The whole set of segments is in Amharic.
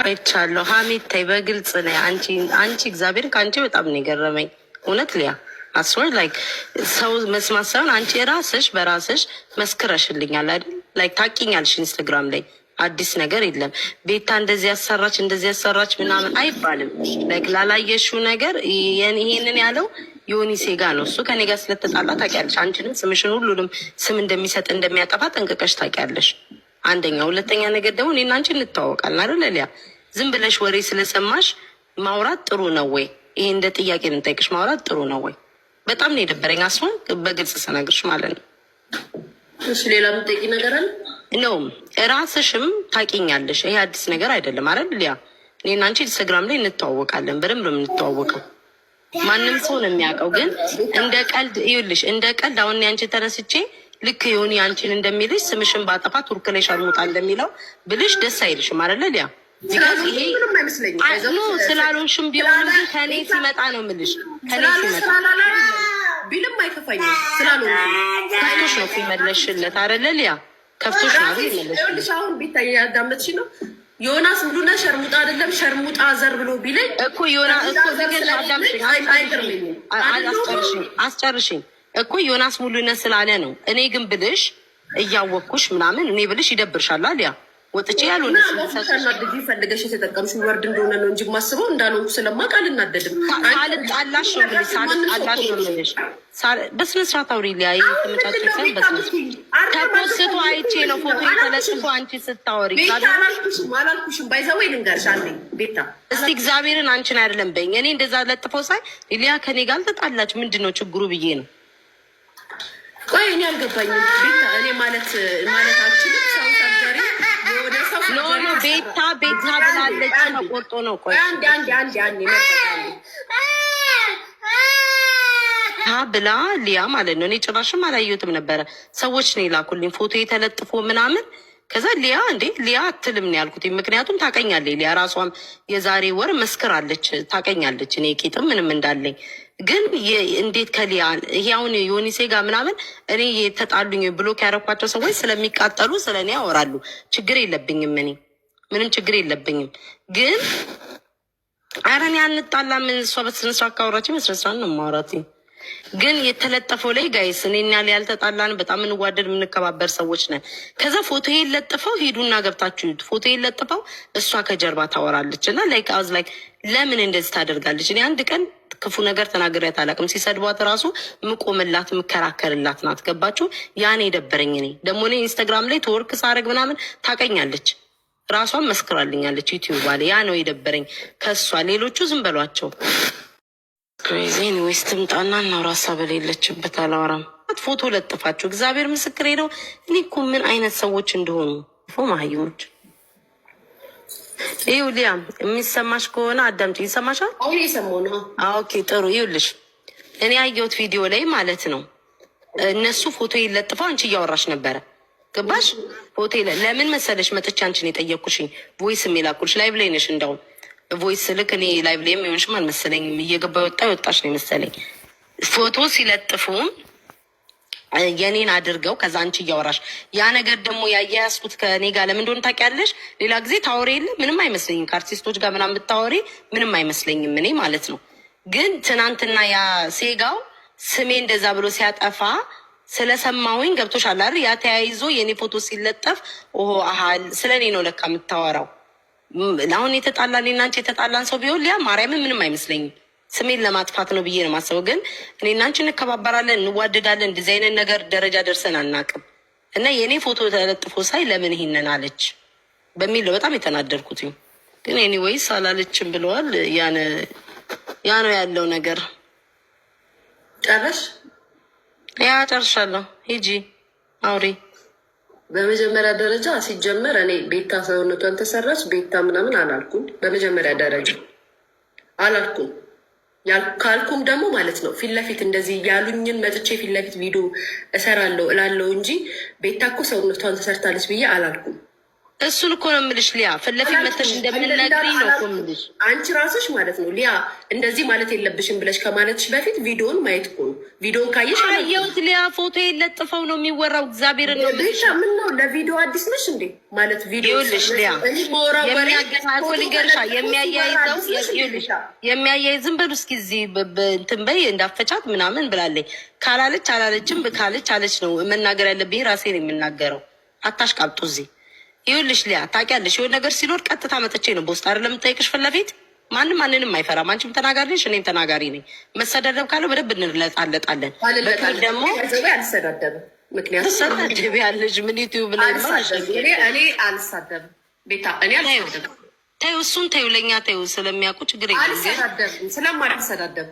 አይቻለሁ። ሀሜት ተይ፣ በግልጽ ነይ። አንቺ እግዚአብሔር ከአንቺ በጣም ነው የገረመኝ እውነት ሊያ አስወር ላይክ ሰው መስማት ሳይሆን አንቺ ራስሽ በራስሽ መስክረሽልኛል አይደል? ላይክ ታቂኛልሽ ኢንስታግራም ላይ አዲስ ነገር የለም። ቤታ እንደዚህ ያሰራች እንደዚህ ያሰራች ምናምን አይባልም። ላይክ ላላየሽው ነገር ይሄንን ያለው ዮኒ ሴጋ ነው። እሱ ከኔ ጋር ስለተጣላ ታውቂያለሽ። አንቺንም ስምሽን ሁሉንም ስም እንደሚሰጥ እንደሚያጠፋ ጠንቅቀሽ ታውቂያለሽ። አንደኛ። ሁለተኛ ነገር ደግሞ እኔና አንቺ እንተዋወቃለን አይደል? ሊያ ዝም ብለሽ ወሬ ስለሰማሽ ማውራት ጥሩ ነው ወይ? ይሄ እንደ ጥያቄ የምንጠይቅሽ ማውራት ጥሩ ነው ወይ? በጣም ነው የደበረኝ። አስሆን በግልጽ ስነግርሽ ማለት ነው። እሺ፣ ሌላ የምጠይቅ ነገር አለ ነው። ራስሽም ታቂኛለሽ። ይሄ አዲስ ነገር አይደለም አይደል? ሊያ እኔና አንቺ ኢንስታግራም ላይ እንተዋወቃለን። በደንብ ነው የምንተዋወቀው። ማንም ሰው ነው የሚያውቀው። ግን እንደ ቀልድ ይኸውልሽ፣ እንደ ቀልድ አሁን አንቺ ተነስቼ ልክ የሆነ አንቺን እንደሚልሽ ስምሽን ባጠፋ ቱርክ ላይ ሸርሙጣ እንደሚለው ብልሽ ደስ አይልሽም አለ ሊያ ስላልሆንሽም ቢሆን ከኔ ሲመጣ ነው የምልሽ። ከኔ ሲመጣ ቢልም አይከፋኝም። ከፍቶሽ ነው የመለስሽለት አይደለ ሊያ? ከፍቶሽ ነው ይመለሽ። አሁን ቤታዬ ያዳመጥሽ ነው ዮናስ ብሉና ሸርሙጣ አይደለም ሸርሙጣ ዘር ብሎ ቢለኝ እኮ ዮና እኮ አስጨርሽኝ አስጨርሽኝ እኮ ዮናስ ሙሉነት ስላለ ነው። እኔ ግን ብልሽ እያወቅኩሽ ምናምን እኔ ብልሽ ይደብርሻላል። ያ ወጥቼ ያልሆነ ፈልገሽ የተጠቀምሽ ወርድ እንደሆነ ነው እንጂ ማስበው እንዳልሆንኩ ስለማውቅ አልናደድም። በስነ ስርዓት አውሪ ሊያ የተመቻቸ አይቼ ነው ፎቶ የተለጥፎ አንቺ ስታወሪ አላልኩሽም። ባይዘወይ ልንገርሽ አለ ቤታ እስቲ እግዚአብሔርን አንቺን አይደለም በኝ እኔ እንደዛ ለጥፎ ሳይ ሊያ ከኔ ጋር አልተጣላች ምንድን ነው ችግሩ ብዬ ነው ቆይ እኔ አልገባኝም። ቤታ እኔ ማለት ማለት አልችልም። ሰው ሰበሬ ወደ ሰው ኖ ኖ ቤታ ቤታ ብላለች። ተቆርጦ ነው። ቆይ አንድ አንድ አንድ አንድ አንዴ ብላ ሊያ ማለት ነው። እኔ ጭራሽም አላየሁትም ነበረ። ሰዎች ነው የላኩልኝ ፎቶ የተለጥፎ ምናምን ከዛ ሊያ እንዴ ሊያ አትልም ነው ያልኩት። ምክንያቱም ታቀኛለች ሊያ ራሷም የዛሬ ወር መስክራለች፣ ታቀኛለች። እኔ ቂጥም ምንም እንዳለኝ ግን እንዴት ከሊያ ይሄ አሁን ዮኒሴ ጋር ምናምን እኔ የተጣሉኝ ብሎክ ያደረኳቸው ሰዎች ስለሚቃጠሉ ስለ እኔ ያወራሉ። ችግር የለብኝም፣ እኔ ምንም ችግር የለብኝም። ግን አረን ያንጣላ አንጣላም። እሷ በስነስርዓት ካወራችኝ በስነስርዓት ነው ማውራት ግን የተለጠፈው ላይ ጋይስ እኔና ያልተጣላን በጣም እንዋደድ የምንከባበር ሰዎች ነን። ከዛ ፎቶ ለጥፈው ሄዱና ገብታችሁ ዩት ፎቶ ለጥፈው እሷ ከጀርባ ታወራለች እና ላይክ አዝ ላይክ ለምን እንደዚህ ታደርጋለች? እኔ አንድ ቀን ክፉ ነገር ተናግሬያት አላውቅም። ሲሰድቧት ራሱ ምቆምላት ምከራከርላት ናት። ገባችሁ? ያኔ የደበረኝ እኔ ደግሞ እኔ ኢንስታግራም ላይ ተወርክ ሳረግ ምናምን ታቀኛለች ራሷን መስክራልኛለች ዩቲዩብ አለ። ያ ነው የደበረኝ ከእሷ ሌሎቹ ዝም በሏቸው። ዜን ወይስ ትምጣና እናውራ። እሷ በሌለችበት አላወራም። ፎቶ ለጥፋችሁ እግዚአብሔር ምስክሬ ነው። እኔ እኮ ምን አይነት ሰዎች እንደሆኑ ፎ ማህይሞች ይው ሊያም የሚሰማሽ ከሆነ አዳምጪ። ይሰማሻል? ኦኬ ጥሩ። ይኸውልሽ እኔ ያየሁት ቪዲዮ ላይ ማለት ነው እነሱ ፎቶ ለጥፈው አንቺ እያወራሽ ነበረ። ገባሽ? ፎቶ ለምን መሰለሽ መጥቼ አንቺን የጠየቅኩሽኝ ቮይስ የሚላኩልሽ ላይ ብለሽ ነሽ እንዳውም ቮይስ ልክ እኔ ላይቭ ላይም የሆንሽም አልመሰለኝም። እየገባ ወጣ የወጣች ነው የመሰለኝ። ፎቶ ሲለጥፉም የኔን አድርገው ከዛ አንቺ እያወራሽ ያ ነገር ደግሞ ያያያዝኩት ከኔ ጋር ለምን እንደሆነ ታውቂያለሽ። ሌላ ጊዜ ታወሬ የለ ምንም አይመስለኝም። ከአርቲስቶች ጋር ምናምን ብታወሪ ምንም አይመስለኝም እኔ ማለት ነው። ግን ትናንትና ያ ሴጋው ስሜ እንደዛ ብሎ ሲያጠፋ ስለሰማሁኝ ገብቶሻል አይደል? ያ ተያይዞ የኔ ፎቶ ሲለጠፍ ኦሆ አሃል ስለ እኔ ነው ለካ የምታወራው አሁን የተጣላን እናንቺ የተጣላን ሰው ቢሆን ሊያ ማርያምን ምንም አይመስለኝም። ስሜን ለማጥፋት ነው ብዬ ነው የማስበው። ግን እኔ እናንቺ እንከባበራለን፣ እንዋደዳለን። እንደዚህ አይነት ነገር ደረጃ ደርሰን አናቅም። እና የእኔ ፎቶ ተለጥፎ ሳይ ለምን ይህንን አለች በሚል ነው በጣም የተናደርኩት። ግን ወይስ አላለችም ብለዋል። ያ ነው ያለው ነገር። ጨረሽ? ያ ጨርሻለሁ። ሂጂ አውሬ በመጀመሪያ ደረጃ ሲጀመር እኔ ቤታ ሰውነቷን ተሰራች ቤታ ምናምን አላልኩም። በመጀመሪያ ደረጃ አላልኩም። ካልኩም ደግሞ ማለት ነው ፊት ለፊት እንደዚህ ያሉኝን መጥቼ ፊት ለፊት ቪዲዮ እሰራለሁ እላለሁ እንጂ ቤታ እኮ ሰውነቷን ተሰርታለች ብዬ አላልኩም። እሱን እኮ ነው የምልሽ ሊያ፣ ፊት ለፊት መተሽ እንደምንነግሪኝ ነው እኮ የምልሽ። አንቺ ራስሽ ማለት ነው ሊያ፣ እንደዚህ ማለት የለብሽም ብለሽ ከማለትሽ በፊት ቪዲዮን ማየት እኮ ነው። ቪዲዮን ካየሽ አየሁት ሊያ፣ ፎቶ የለጥፈው ነው የሚወራው። እግዚአብሔር ነው ብሻ። ምን ነው ለቪዲዮ አዲስ ነሽ እንዴ? ማለት ቪዲዮልሽ ሊያ፣ ልገርሻ የሚያያይዘው የሚያያይ ዝም በሉ እስኪ እዚህ እንትን በይ እንዳፈቻት ምናምን ብላለኝ። ካላለች አላለችም፣ ካለች አለች ነው መናገር ያለብኝ። ራሴን የምናገረው አታሽቃብጡ እዚህ ይኸውልሽ ሊያ ታውቂያለሽ፣ የሆነ ነገር ሲኖር ቀጥታ መጥቼ ነው በውስጥ አይደለም የምጠይቅሽ ፊት ለፊት። ማንም ማንንም አይፈራም። አንቺም ተናጋሪ ነሽ፣ እኔም ተናጋሪ ነኝ። መሰዳደብ ካለ በደንብ እንለጣለጣለን። በክል ደግሞ አልሰዳደብም። ያለሽ ምን ዩቲዩብ ላይ እኔ አልሳደብም። ቤታ እኔ አልሳደብም። ተይው፣ እሱን ተይው፣ ለእኛ ተይው። ስለሚያውቁ ችግር አልሰዳደብም። ስለማልሰዳደብ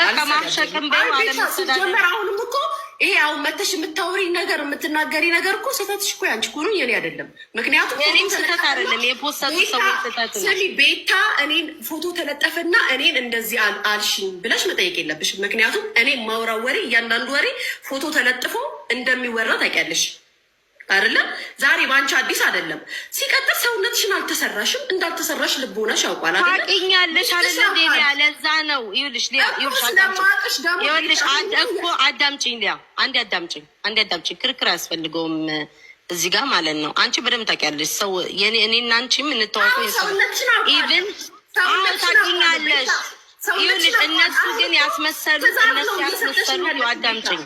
በቃ ማሸቅም በ አለመሰዳደብ አሁንም እኮ ይሄ አሁ መተሽ የምታወሪ ነገር የምትናገሪ ነገር እኮ ስህተትሽ እኮ ያንቺ እኮ ነው፣ የኔ አይደለም። ምክንያቱም ስህተት አይደለም የፖስታቱ ሰዎች ስህተት ስሚ ቤታ፣ እኔን ፎቶ ተለጠፈና እኔን እንደዚህ አልሽኝ ብለሽ መጠየቅ የለብሽ ምክንያቱም እኔ ማውራ ወሬ፣ እያንዳንዱ ወሬ ፎቶ ተለጥፎ እንደሚወራ ታውቂያለሽ። አይደለም ዛሬ በአንቺ አዲስ አይደለም። ሲቀጥል ሰውነትሽን አልተሰራሽም፣ እንዳልተሰራሽ ልቦናሽ ያውቋል። ታውቂኛለሽ አይደለ? ለዛ ነው ይኸውልሽ፣ ስለማውቅሽ ደግሞ ይኸውልሽ፣ እኮ አዳምጪኝ፣ ሊያ አንዴ አዳምጪኝ፣ አንዴ አዳምጪኝ። ክርክር አያስፈልገውም እዚህ ጋር ማለት ነው። አንቺ በደንብ ታውቂያለሽ። ሰው እኔ እና አንቺም እንተዋወቅ ኢቭን ታውቂኛለሽ። ይኸውልሽ እነሱ ግን ያስመሰሉ እነሱ ያስመሰሉ አዳምጪኝ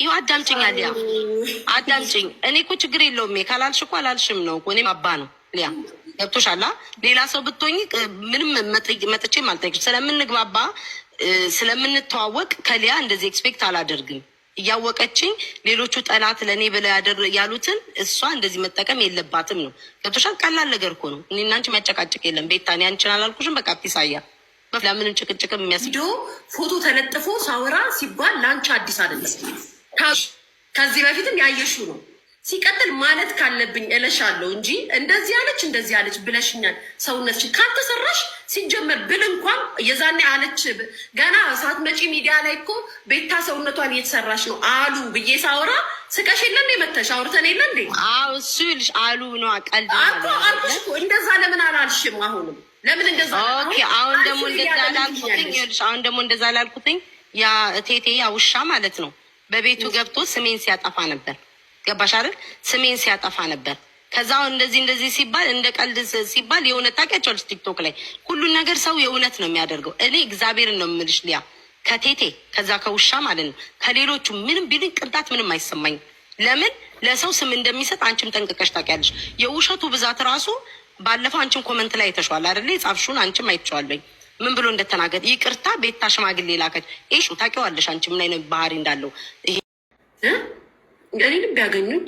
ይኸው አዳምጭኝ፣ አሊያ አዳምጭኝ። እኔ እኮ ችግር የለውም ካላልሽ እኮ አላልሽም ነው እኮ እኔም አባ ነው ሊያ ገብቶሻል። ሌላ ሰው ብትሆኝ ምንም መጥቼም አልጠይቅሽም። ስለምንግባባ ስለምንተዋወቅ ከሊያ እንደዚህ ኤክስፔክት አላደርግም። እያወቀችኝ ሌሎቹ ጠላት ለእኔ ብለው ያሉትን እሷ እንደዚህ መጠቀም የለባትም ነው። ገብቶሻል። ቀላል ነገር እኮ ነው። እኔ እናንቺ የሚያጨቃጭቅ የለም። ቤታ እኔ አላልኩሽም። በቃ ፒሳያ ለምንም ጭቅጭቅም የሚያስ ፎቶ ተለጥፎ ሳውራ ሲባል ለአንቺ አዲስ አይደለም። ከዚህ በፊትም ያየሹ ነው። ሲቀጥል ማለት ካለብኝ እለሻለሁ እንጂ እንደዚህ አለች እንደዚህ አለች ብለሽኛል። ሰውነትሽ ካልተሰራሽ ሲጀመር ብል እንኳን የዛኔ አለች ገና ሰዓት መጪ ሚዲያ ላይ እኮ ቤታ ሰውነቷን እየተሰራች ነው አሉ ብዬ ሳወራ ስቀሽ የለ እንዴ መተሽ አውርተን የለ እንዴ? አዎ እሱ ይልሽ አሉ ነው አቀል አልኩ አልኩሽ። እንደዛ ለምን አላልሽም? አሁንም ለምን እንደዛ አሁን ደግሞ እንደዛ ላልኩትኝ አሁን ደግሞ እንደዛ ላልኩትኝ ያ ቴቴ ያ ውሻ ማለት ነው በቤቱ ገብቶ ስሜን ሲያጠፋ ነበር። ገባሽ አይደል? ስሜን ሲያጠፋ ነበር። ከዛው እንደዚህ እንደዚህ ሲባል እንደ ቀልድ ሲባል የእውነት ታውቂያቸዋለሽ፣ ቲክቶክ ላይ ሁሉን ነገር ሰው የእውነት ነው የሚያደርገው። እኔ እግዚአብሔርን ነው የምልሽ ሊያ፣ ከቴቴ ከዛ ከውሻ ማለት ነው ከሌሎቹ ምንም ቢልኝ ቅንጣት ምንም አይሰማኝም። ለምን ለሰው ስም እንደሚሰጥ አንቺም ጠንቅቀሽ ታውቂያለሽ። የውሸቱ ብዛት ራሱ ባለፈው አንቺም ኮመንት ላይ አይተሽዋል አይደለ? የጻፍሽውን አንቺም አይቼዋለሁኝ ምን ብሎ እንደተናገር ይቅርታ፣ ቤታ ሽማግሌ ላከች። ይሹ ታውቂዋለሽ አንቺ ምን አይነት ባህሪ እንዳለው። እኔንም ቢያገኙኝ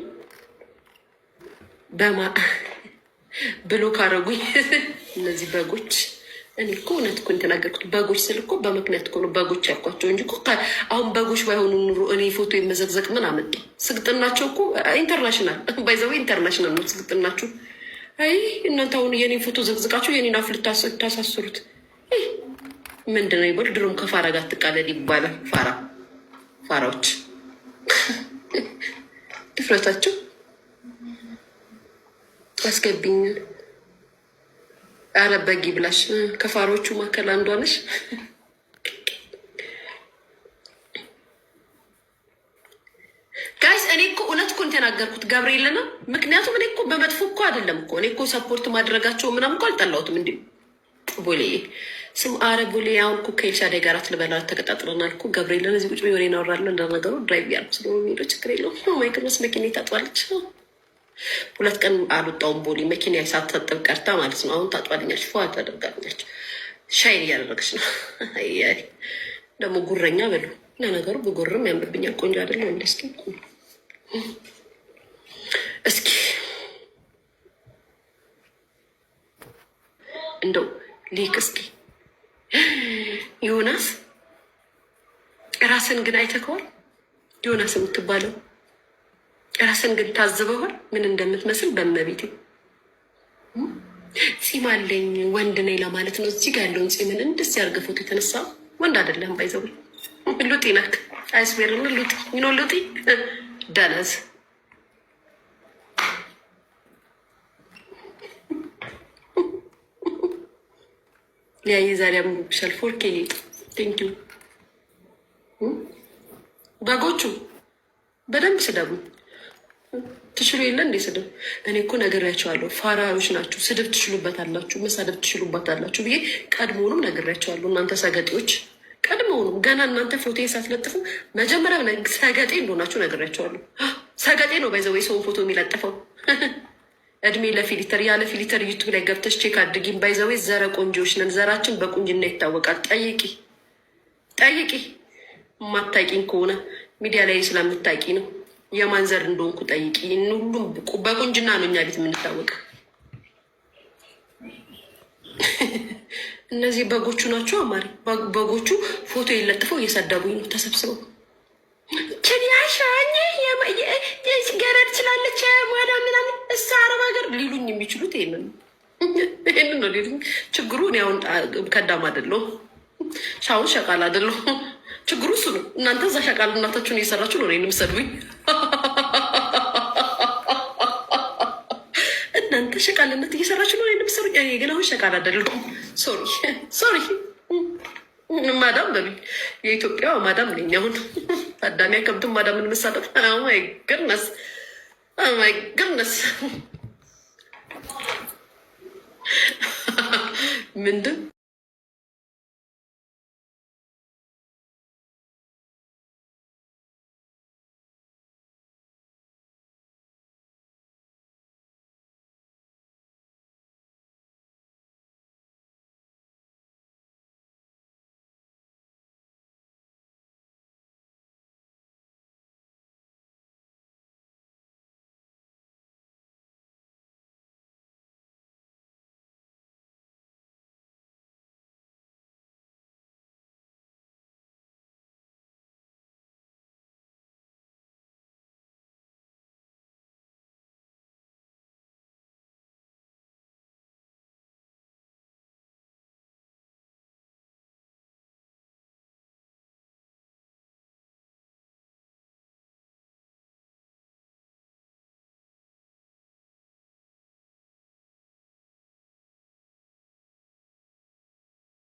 በማ ብሎ ካረጉኝ እነዚህ በጎች እኔ እኮ እውነት እኮ የተናገርኩት በጎች ስል እኮ በምክንያት እኮ ነው በጎች ያልኳቸው እንጂ እኮ አሁን በጎች ባይሆኑ ኑሮ እኔ ፎቶ የመዘቅዘቅ ምን አመጣ? ስግጥናቸው እኮ ኢንተርናሽናል ባይዘው ኢንተርናሽናል ነው ስግጥናችሁ። አይ እናንተ አሁን የኔን ፎቶ ዘግዝቃችሁ የኔን አፍ ልታሳስሩት ምንድነው ይበል ድሮም ከፋራ ጋር ትቃለል ይባላል። ፋራ ፋራዎች ድፍረታቸው አስገቢኝ አረ በጊ ብላሽ ከፋሮቹ መካከል አንዷ ነሽ። ጋይስ እኔ እኮ እውነት እኮ የተናገርኩት ገብርኤል ነው። ምክንያቱም እኔ እኮ በመጥፎ እኮ አይደለም እኮ እኔ እኮ ሰፖርት ማድረጋቸው ምናምን እኮ አልጠላሁትም እንዲሁ ቦሌ ስም አረ ቦሌ አሁን እኮ ከኤልሻዳይ ጋር ልበላ ተቀጣጥረናል እኮ ገብርኤልን እዚህ ቁጭ ብዬ ወሬ እናወራለን። እንደነገሩ ድራይቭ ያሉ ስለሆነ የሚሄደው ችግር የለውም። ማይክሮስ መኪና ታጥባለች። ሁለት ቀን አልወጣውም ቦሌ መኪና ሳታጥብ ቀርታ ማለት ነው። አሁን ታጥባልኛለች፣ ፏ ታደርጋለች፣ ሻይን እያደረገች ነው። ደግሞ ጉረኛ በሉ ለነገሩ ብጎርም ያምርብኛል። ቆንጆ አይደለም እንደ እስኪ እስኪ እንደው ሊቅ እስኪ ዮናስ ራስን ግን አይተከዋል። ዮናስ የምትባለው ራስን ግን ታዝበዋል፣ ምን እንደምትመስል በመቤት ፂም አለኝ ወንድ ነኝ ለማለት ነው። እዚህ ጋር ያለውን ፂምን እንደስ ያርገፎት የተነሳ ወንድ አይደለም ባይዘው ሉጢ ናት። አይስቤር ሉጢ ይኖ ሉጢ ደነዝ ያ የዛሬ አምሮብሻል። ፎርኬ ቴንክ በጎቹ በደንብ ስደቡ ትችሉ የለ እንዴ ስድብ? እኔ እኮ ነግሬያቸዋለሁ። ፋራዮች ናችሁ፣ ስድብ ትችሉበታላችሁ፣ መሳደብ ትችሉበታላችሁ ብዬ ቀድሞውንም ነግሬያቸዋለሁ። እናንተ ሰገጤዎች ቀድሞውንም ገና እናንተ ፎቶ ሳትለጥፉ መጀመሪያ ሰገጤ እንደሆናችሁ ነግሬያቸዋለሁ። ሰገጤ ነው ባይዘወይ ሰውን ፎቶ የሚለጥፈው እድሜ ለፊሊተር ያለ ፊሊተር ዩቱብ ላይ ገብተሽ ቼክ አድርጊም። ባይዘዌ ዘረ ቆንጆዎች ነን። ዘራችን በቁንጅና ይታወቃል። ጠይቂ ጠይቂ። የማታቂኝ ከሆነ ሚዲያ ላይ ስለምታቂ ነው። የማን ዘር እንደሆንኩ ጠይቂ። ሁሉም በቁንጅና ነው እኛ ቤት የምንታወቀው። እነዚህ በጎቹ ናቸው። አማሪ በጎቹ ፎቶ የለጥፈው እየሰደቡኝ ነው ተሰብስበው ችንያሻኝ ገረድ ችላለች ማዳ ምናምን እሳ አረብ ሀገር ሊሉኝ የሚችሉት ይህንን ይህንን ነው ሊሉኝ። ችግሩ እኔ አሁን ከዳም አይደለሁም፣ ሻሁን ሸቃል አይደለሁም። ችግሩ እሱ ነው። እናንተ እዛ ሸቃል እናታችሁን እየሰራችሁ ነው እኔንም ሰድቡኝ። እናንተ ሸቃልነት እየሰራችሁ ነው እኔንም ሰሩ። እኔ ግን አሁን ሸቃል አይደለሁም። ሶሪ ሶሪ፣ ማዳም በሉኝ። የኢትዮጵያ ማዳም ነኝ አሁን። ታዳሚ ከብትም ማዳምን መሳጠፍ ማይ ግርነስ ማይ ግርነስ ምንድን